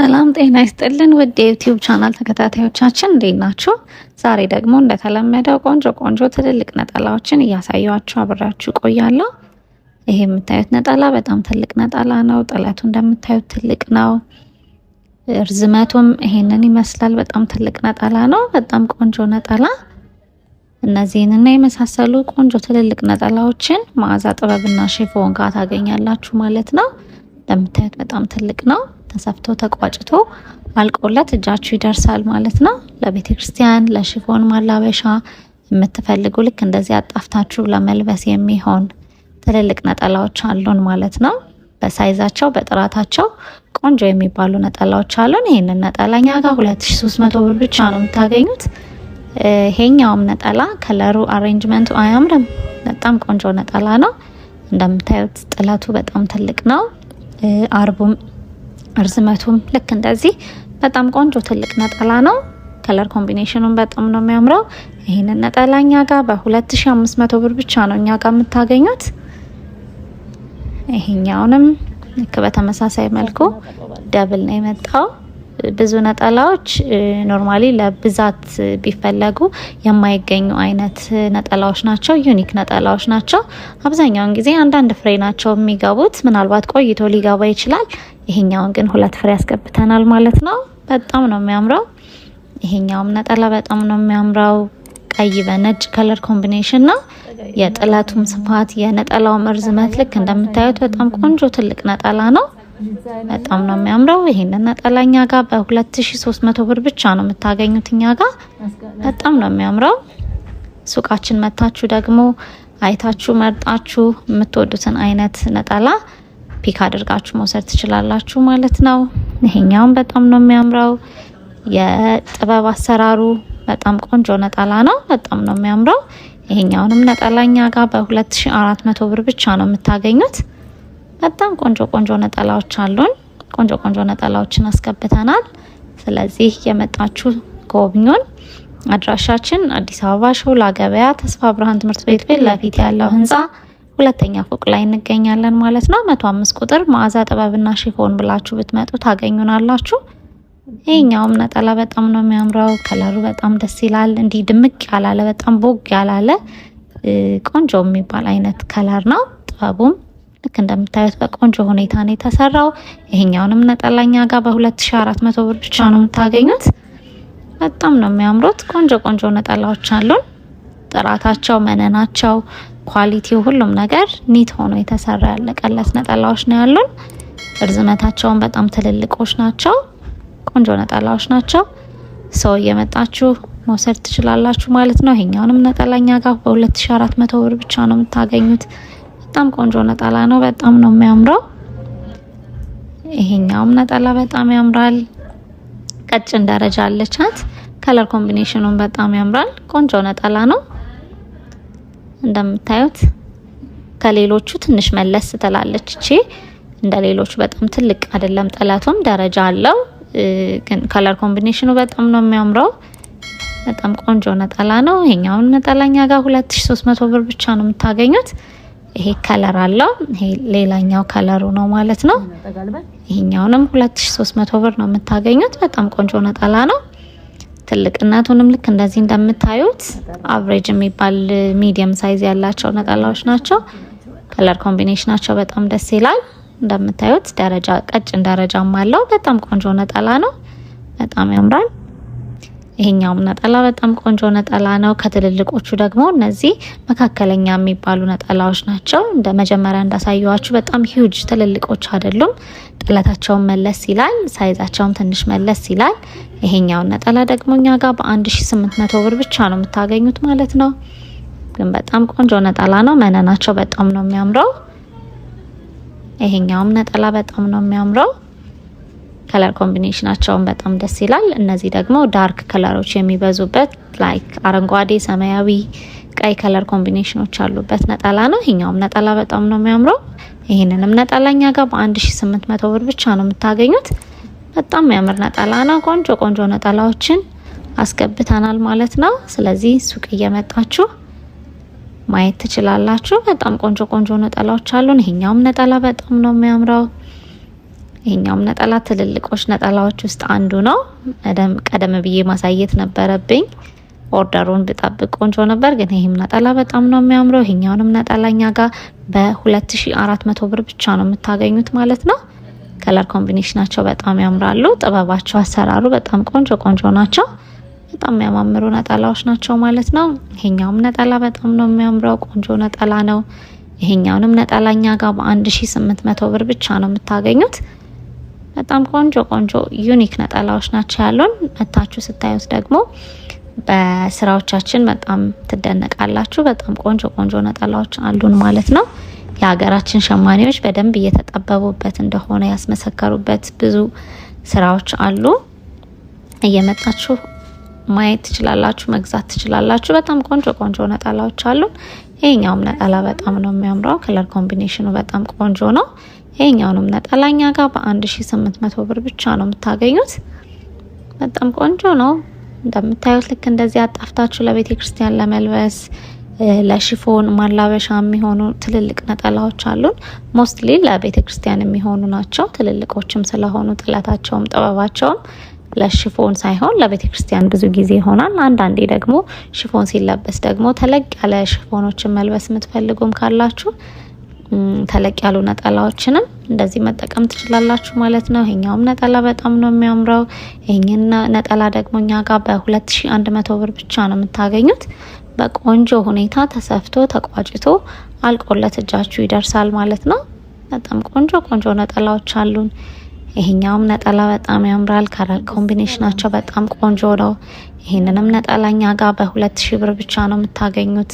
ሰላም ጤና ይስጥልን ውድ የዩቲዩብ ቻናል ተከታታዮቻችን እንዴት ናችሁ? ዛሬ ደግሞ እንደተለመደው ቆንጆ ቆንጆ ትልልቅ ነጠላዎችን እያሳያችሁ አብሬያችሁ ቆያለሁ። ይሄ የምታዩት ነጠላ በጣም ትልቅ ነጠላ ነው። ጥለቱ እንደምታዩት ትልቅ ነው። እርዝመቱም ይሄንን ይመስላል። በጣም ትልቅ ነጠላ ነው። በጣም ቆንጆ ነጠላ። እነዚህን እና የመሳሰሉ ቆንጆ ትልልቅ ነጠላዎችን መዓዛ ጥበብና ሽፎን ጋር ታገኛላችሁ ማለት ነው። እንደምታዩት በጣም ትልቅ ነው። ተሰፍቶ ተቋጭቶ አልቆለት እጃችሁ ይደርሳል ማለት ነው። ለቤተ ክርስቲያን ለሽፎን ማላበሻ የምትፈልጉ ልክ እንደዚህ አጣፍታችሁ ለመልበስ የሚሆን ትልልቅ ነጠላዎች አሉን ማለት ነው። በሳይዛቸው በጥራታቸው ቆንጆ የሚባሉ ነጠላዎች አሉን። ይህንን ነጠላ እኛ ጋር መቶ ብር ብቻ ነው የምታገኙት። ይሄኛውም ነጠላ ከለሩ አሬንጅመንቱ አያምርም? በጣም ቆንጆ ነጠላ ነው። እንደምታዩት ጥለቱ በጣም ትልቅ ነው። አርቡም እርዝመቱም ልክ እንደዚህ በጣም ቆንጆ ትልቅ ነጠላ ነው። ከለር ኮምቢኔሽኑን በጣም ነው የሚያምረው። ይህንን ነጠላ እኛ ጋር በ2500 ብር ብቻ ነው እኛ ጋር የምታገኙት። ይሄኛውንም ልክ በተመሳሳይ መልኩ ደብል ነው የመጣው። ብዙ ነጠላዎች ኖርማሊ ለብዛት ቢፈለጉ የማይገኙ አይነት ነጠላዎች ናቸው። ዩኒክ ነጠላዎች ናቸው። አብዛኛውን ጊዜ አንዳንድ ፍሬ ናቸው የሚገቡት። ምናልባት ቆይቶ ሊገባ ይችላል። ይሄኛውን ግን ሁለት ፍሬ ያስገብተናል ማለት ነው። በጣም ነው የሚያምረው። ይሄኛውም ነጠላ በጣም ነው የሚያምረው። ቀይ በነጭ ከለር ኮምቢኔሽን ነው። የጥለቱም ስፋት የነጠላውም እርዝመት ልክ እንደምታዩት በጣም ቆንጆ ትልቅ ነጠላ ነው። በጣም ነው የሚያምረው። ይህንን ነጠላ እኛ ጋር በ2300 ብር ብቻ ነው የምታገኙት እኛ ጋር። በጣም ነው የሚያምረው። ሱቃችን መታችሁ ደግሞ አይታችሁ መርጣችሁ የምትወዱትን አይነት ነጠላ ፒክ አድርጋችሁ መውሰድ ትችላላችሁ ማለት ነው። ይሄኛውም በጣም ነው የሚያምረው። የጥበብ አሰራሩ በጣም ቆንጆ ነጠላ ነው። በጣም ነው የሚያምረው። ይሄኛውንም ነጠላኛ ጋር በ2400 ብር ብቻ ነው የምታገኙት። በጣም ቆንጆ ቆንጆ ነጠላዎች አሉን። ቆንጆ ቆንጆ ነጠላዎችን አስገብተናል። ስለዚህ የመጣችሁ ጎብኙን። አድራሻችን አዲስ አበባ ሾላ ገበያ ተስፋ ብርሃን ትምህርት ቤት ፊት ለፊት ያለው ህንፃ ሁለተኛ ፎቅ ላይ እንገኛለን ማለት ነው። መቶ አምስት ቁጥር መዓዛ ጥበብና ሽፎን ብላችሁ ብትመጡ ታገኙናላችሁ። ይሄኛውም ነጠላ በጣም ነው የሚያምረው። ከለሩ በጣም ደስ ይላል። እንዲህ ድምቅ ያላለ በጣም ቦግ ያላለ ቆንጆ የሚባል አይነት ከለር ነው። ጥበቡም ልክ እንደምታዩት በቆንጆ ሁኔታ ነው የተሰራው። ይሄኛውንም ነጠላኛ ጋር በ2400 ብር ብቻ ነው የምታገኙት። በጣም ነው የሚያምሩት። ቆንጆ ቆንጆ ነጠላዎች አሉን። ጥራታቸው፣ መነናቸው ኳሊቲው ሁሉም ነገር ኒት ሆኖ የተሰራ ያለቀለት ነጠላዎች ነው ያሉን። እርዝመታቸውን በጣም ትልልቆች ናቸው። ቆንጆ ነጠላዎች ናቸው። ሰው እየመጣችሁ መውሰድ ትችላላችሁ ማለት ነው። ይሄኛውንም ነጠላኛ ጋር በ2400 ብር ብቻ ነው የምታገኙት። በጣም ቆንጆ ነጠላ ነው። በጣም ነው የሚያምረው። ይሄኛውም ነጠላ በጣም ያምራል። ቀጭን ደረጃ አለቻት። ከለር ኮምቢኔሽኑን በጣም ያምራል። ቆንጆ ነጠላ ነው። እንደምታዩት ከሌሎቹ ትንሽ መለስ ትላለች። እቺ እንደ ሌሎቹ በጣም ትልቅ አይደለም። ጥለቱም ደረጃ አለው፣ ግን ከለር ኮምቢኔሽኑ በጣም ነው የሚያምረው። በጣም ቆንጆ ነጠላ ነው። ይሄኛውን ነጠላ እኛ ጋር 2300 ብር ብቻ ነው የምታገኙት። ይሄ ከለር አለው። ይሄ ሌላኛው ከለሩ ነው ማለት ነው። ይሄኛውንም 2300 ብር ነው የምታገኙት። በጣም ቆንጆ ነጠላ ነው። እናቱንም ልክ እንደዚህ እንደምታዩት አቭሬጅ የሚባል ሚዲየም ሳይዝ ያላቸው ነጠላዎች ናቸው። ከለር ኮምቢኔሽናቸው በጣም ደስ ይላል። እንደምታዩት ደረጃ ቀጭን ደረጃም አለው። በጣም ቆንጆ ነጠላ ነው። በጣም ያምራል። ይሄኛውም ነጠላ በጣም ቆንጆ ነጠላ ነው። ከትልልቆቹ ደግሞ እነዚህ መካከለኛ የሚባሉ ነጠላዎች ናቸው። እንደ መጀመሪያ እንዳሳየዋችሁ በጣም ሂውጅ ትልልቆች አይደሉም። ጥለታቸውን መለስ ይላል፣ ሳይዛቸውም ትንሽ መለስ ይላል። ይሄኛውን ነጠላ ደግሞ እኛ ጋር በ1800 ብር ብቻ ነው የምታገኙት ማለት ነው። ግን በጣም ቆንጆ ነጠላ ነው። መነናቸው በጣም ነው የሚያምረው። ይሄኛውም ነጠላ በጣም ነው የሚያምረው። ከለር ኮምቢኔሽናቸውን በጣም ደስ ይላል። እነዚህ ደግሞ ዳርክ ከለሮች የሚበዙበት ላይክ አረንጓዴ፣ ሰማያዊ፣ ቀይ ከለር ኮምቢኔሽኖች ያሉበት ነጠላ ነው። ይሄኛውም ነጠላ በጣም ነው የሚያምረው። ይህንንም ነጠላ እኛ ጋር በ መቶ ብር ብቻ ነው የምታገኙት። በጣም የሚያምር ነጠላ ነው። ቆንጆ ቆንጆ ነጠላዎችን አስገብተናል ማለት ነው። ስለዚህ ሱቅ እየመጣችሁ ማየት ትችላላችሁ። በጣም ቆንጆ ቆንጆ ነጠላዎች አሉን። ይሄኛውም ነጠላ በጣም ነው የሚያምረው። ይሄኛውም ነጠላ ትልልቆች ነጠላዎች ውስጥ አንዱ ነው። ቀደም ብዬ ማሳየት ነበረብኝ። ኦርደሩን ብጠብቅ ቆንጆ ነበር፣ ግን ይህም ነጠላ በጣም ነው የሚያምረው። ይሄኛውንም ነጠላኛ ጋር በ2400 ብር ብቻ ነው የምታገኙት ማለት ነው። ከለር ኮምቢኔሽናቸው በጣም ያምራሉ። ጥበባቸው፣ አሰራሩ በጣም ቆንጆ ቆንጆ ናቸው። በጣም የሚያማምሩ ነጠላዎች ናቸው ማለት ነው። ይሄኛውም ነጠላ በጣም ነው የሚያምረው። ቆንጆ ነጠላ ነው። ይሄኛውንም ነጠላኛ ጋር በ1800 ብር ብቻ ነው የምታገኙት። በጣም ቆንጆ ቆንጆ ዩኒክ ነጠላዎች ናቸው ያሉን። መታችሁ ስታዩት ደግሞ በስራዎቻችን በጣም ትደነቃላችሁ። በጣም ቆንጆ ቆንጆ ነጠላዎች አሉን ማለት ነው። የሀገራችን ሸማኔዎች በደንብ እየተጠበቡበት እንደሆነ ያስመሰከሩበት ብዙ ስራዎች አሉ። እየመጣችሁ ማየት ትችላላችሁ፣ መግዛት ትችላላችሁ። በጣም ቆንጆ ቆንጆ ነጠላዎች አሉን። ይሄኛውም ነጠላ በጣም ነው የሚያምረው። ከለር ኮምቢኔሽኑ በጣም ቆንጆ ነው። ይሄኛውንም ነጠላኛ ጋር በ መቶ ብር ብቻ ነው የምታገኙት። በጣም ቆንጆ ነው እንደምታዩት። ልክ እንደዚህ አጣፍታችሁ ለቤተ ክርስቲያን ለመልበስ ለሽፎን ማላበሻ የሚሆኑ ትልልቅ ነጠላዎች አሉን። ሞስትሊ ለቤተ ክርስቲያን የሚሆኑ ናቸው። ትልልቆችም ስለሆኑ ጥለታቸውም ጥበባቸውም ለሽፎን ሳይሆን ለቤተ ክርስቲያን ብዙ ጊዜ ይሆናል። አንዳንዴ ደግሞ ሽፎን ሲለበስ ደግሞ ተለቅ ያለ ሽፎኖችን መልበስ የምትፈልጉም ካላችሁ ተለቅ ያሉ ነጠላዎችንም እንደዚህ መጠቀም ትችላላችሁ ማለት ነው። ይሄኛውም ነጠላ በጣም ነው የሚያምረው። ይሄን ነጠላ ደግሞ እኛ ጋር በ2100 ብር ብቻ ነው የምታገኙት። በቆንጆ ሁኔታ ተሰፍቶ ተቋጭቶ አልቆለት እጃችሁ ይደርሳል ማለት ነው። በጣም ቆንጆ ቆንጆ ነጠላዎች አሉን። ይሄኛውም ነጠላ በጣም ያምራል። ከለር ኮምቢኔሽናቸው በጣም ቆንጆ ነው። ይህንንም ነጠላኛ ጋር በሁለት ሺ ብር ብቻ ነው የምታገኙት።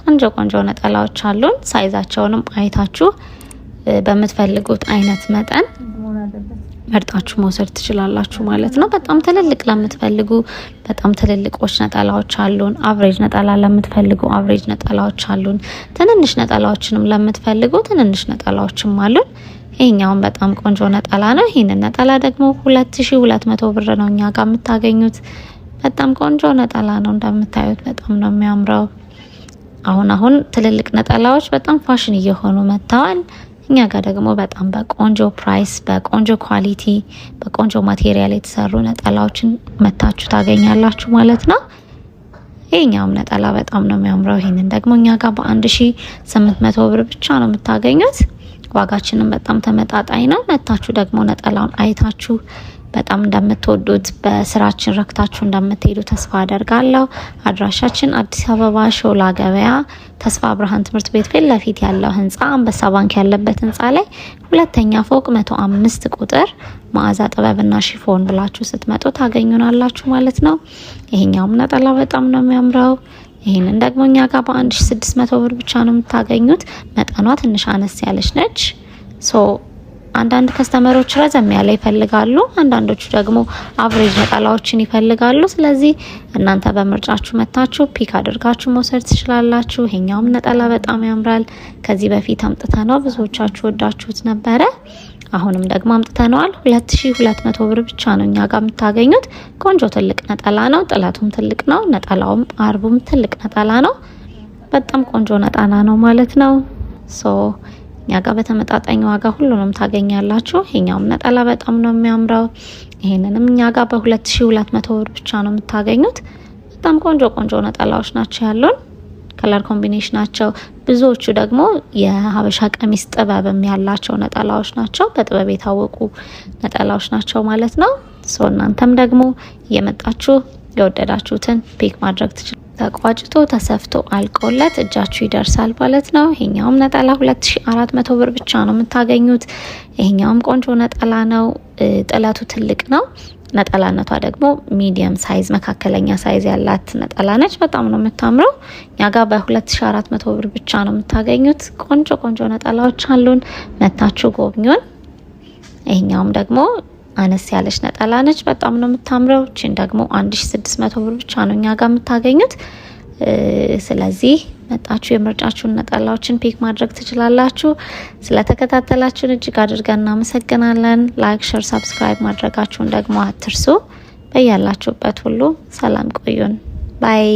ቆንጆ ቆንጆ ነጠላዎች አሉን። ሳይዛቸውንም አይታችሁ በምትፈልጉት አይነት መጠን መርጣችሁ መውሰድ ትችላላችሁ ማለት ነው። በጣም ትልልቅ ለምትፈልጉ በጣም ትልልቆች ነጠላዎች አሉን። አብሬጅ ነጠላ ለምትፈልጉ አብሬጅ ነጠላዎች አሉን። ትንንሽ ነጠላዎችንም ለምትፈልጉ ትንንሽ ነጠላዎችም አሉን። ይሄኛውን በጣም ቆንጆ ነጠላ ነው። ይህንን ነጠላ ደግሞ ሁለት ሺ ሁለት መቶ ብር ነው እኛ ጋር የምታገኙት። በጣም ቆንጆ ነጠላ ነው እንደምታዩት፣ በጣም ነው የሚያምረው። አሁን አሁን ትልልቅ ነጠላዎች በጣም ፋሽን እየሆኑ መጥተዋል። እኛ ጋር ደግሞ በጣም በቆንጆ ፕራይስ፣ በቆንጆ ኳሊቲ፣ በቆንጆ ማቴሪያል የተሰሩ ነጠላዎችን መታችሁ ታገኛላችሁ ማለት ነው። ይህኛውም ነጠላ በጣም ነው የሚያምረው። ይህንን ደግሞ እኛ ጋር በአንድ ሺ ስምንት መቶ ብር ብቻ ነው የምታገኙት። ዋጋችንም በጣም ተመጣጣኝ ነው። መታችሁ ደግሞ ነጠላውን አይታችሁ በጣም እንደምትወዱት በስራችን ረክታችሁ እንደምትሄዱ ተስፋ አደርጋለሁ። አድራሻችን አዲስ አበባ ሾላ ገበያ ተስፋ ብርሃን ትምህርት ቤት ፊት ለፊት ያለው ህንፃ አንበሳ ባንክ ያለበት ህንፃ ላይ ሁለተኛ ፎቅ መቶ አምስት ቁጥር መዓዛ ጥበብና ሽፎን ብላችሁ ስትመጡ ታገኙናላችሁ ማለት ነው። ይሄኛውም ነጠላ በጣም ነው የሚያምረው። ይህንን ደግሞ እኛ ጋር በአንድ ሺ ስድስት መቶ ብር ብቻ ነው የምታገኙት። መጠኗ ትንሽ አነስ ያለች ነች። አንዳንድ ከስተመሮች ረዘም ያለ ይፈልጋሉ፣ አንዳንዶቹ ደግሞ አቨሬጅ ነጠላዎችን ይፈልጋሉ። ስለዚህ እናንተ በምርጫችሁ መታችሁ ፒክ አድርጋችሁ መውሰድ ትችላላችሁ። ይሄኛውም ነጠላ በጣም ያምራል። ከዚህ በፊት አምጥተ ነው ብዙዎቻችሁ ወዳችሁት ነበረ። አሁንም ደግሞ አምጥተነዋል። 2200 ብር ብቻ ነው እኛ ጋር የምታገኙት። ቆንጆ ትልቅ ነጠላ ነው። ጥለቱም ትልቅ ነው። ነጠላውም አርቡም ትልቅ ነጠላ ነው። በጣም ቆንጆ ነጠላ ነው ማለት ነው ሶ እኛ ጋር በተመጣጣኝ ዋጋ ሁሉንም ታገኛላችሁ። ይሄኛውም ነጠላ በጣም ነው የሚያምረው። ይሄንንም እኛ ጋር በ2200 ብር ብቻ ነው የምታገኙት። በጣም ቆንጆ ቆንጆ ነጠላዎች ናቸው ያሉን ከለር ኮምቢኔሽን ናቸው። ብዙዎቹ ደግሞ የሀበሻ ቀሚስ ጥበብም ያላቸው ነጠላዎች ናቸው። በጥበብ የታወቁ ነጠላዎች ናቸው ማለት ነው። ሶ እናንተም ደግሞ እየመጣችሁ የወደዳችሁትን ፒክ ማድረግ ትችላል። ተቋጭቶ ተሰፍቶ አልቆለት እጃችሁ ይደርሳል ማለት ነው። ይሄኛውም ነጠላ 2400 ብር ብቻ ነው የምታገኙት። ይሄኛውም ቆንጆ ነጠላ ነው። ጥለቱ ትልቅ ነው። ነጠላነቷ ደግሞ ሚዲየም ሳይዝ መካከለኛ ሳይዝ ያላት ነጠላ ነች። በጣም ነው የምታምረው። እኛ ጋር በ2400 ብር ብቻ ነው የምታገኙት። ቆንጆ ቆንጆ ነጠላዎች አሉን። መታችሁ ጎብኙን። ይሄኛውም ደግሞ አነስ ያለች ነጠላ ነች። በጣም ነው የምታምረው። እችን ደግሞ 1600 ብር ብቻ ነው እኛ ጋር የምታገኙት። ስለዚህ መጣችሁ የምርጫችሁን ነጠላዎችን ፒክ ማድረግ ትችላላችሁ። ስለተከታተላችሁን እጅግ አድርገን እናመሰግናለን። ላይክ፣ ሸር፣ ሰብስክራይብ ማድረጋችሁን ደግሞ አትርሱ። በያላችሁበት ሁሉ ሰላም ቆዩን ባይ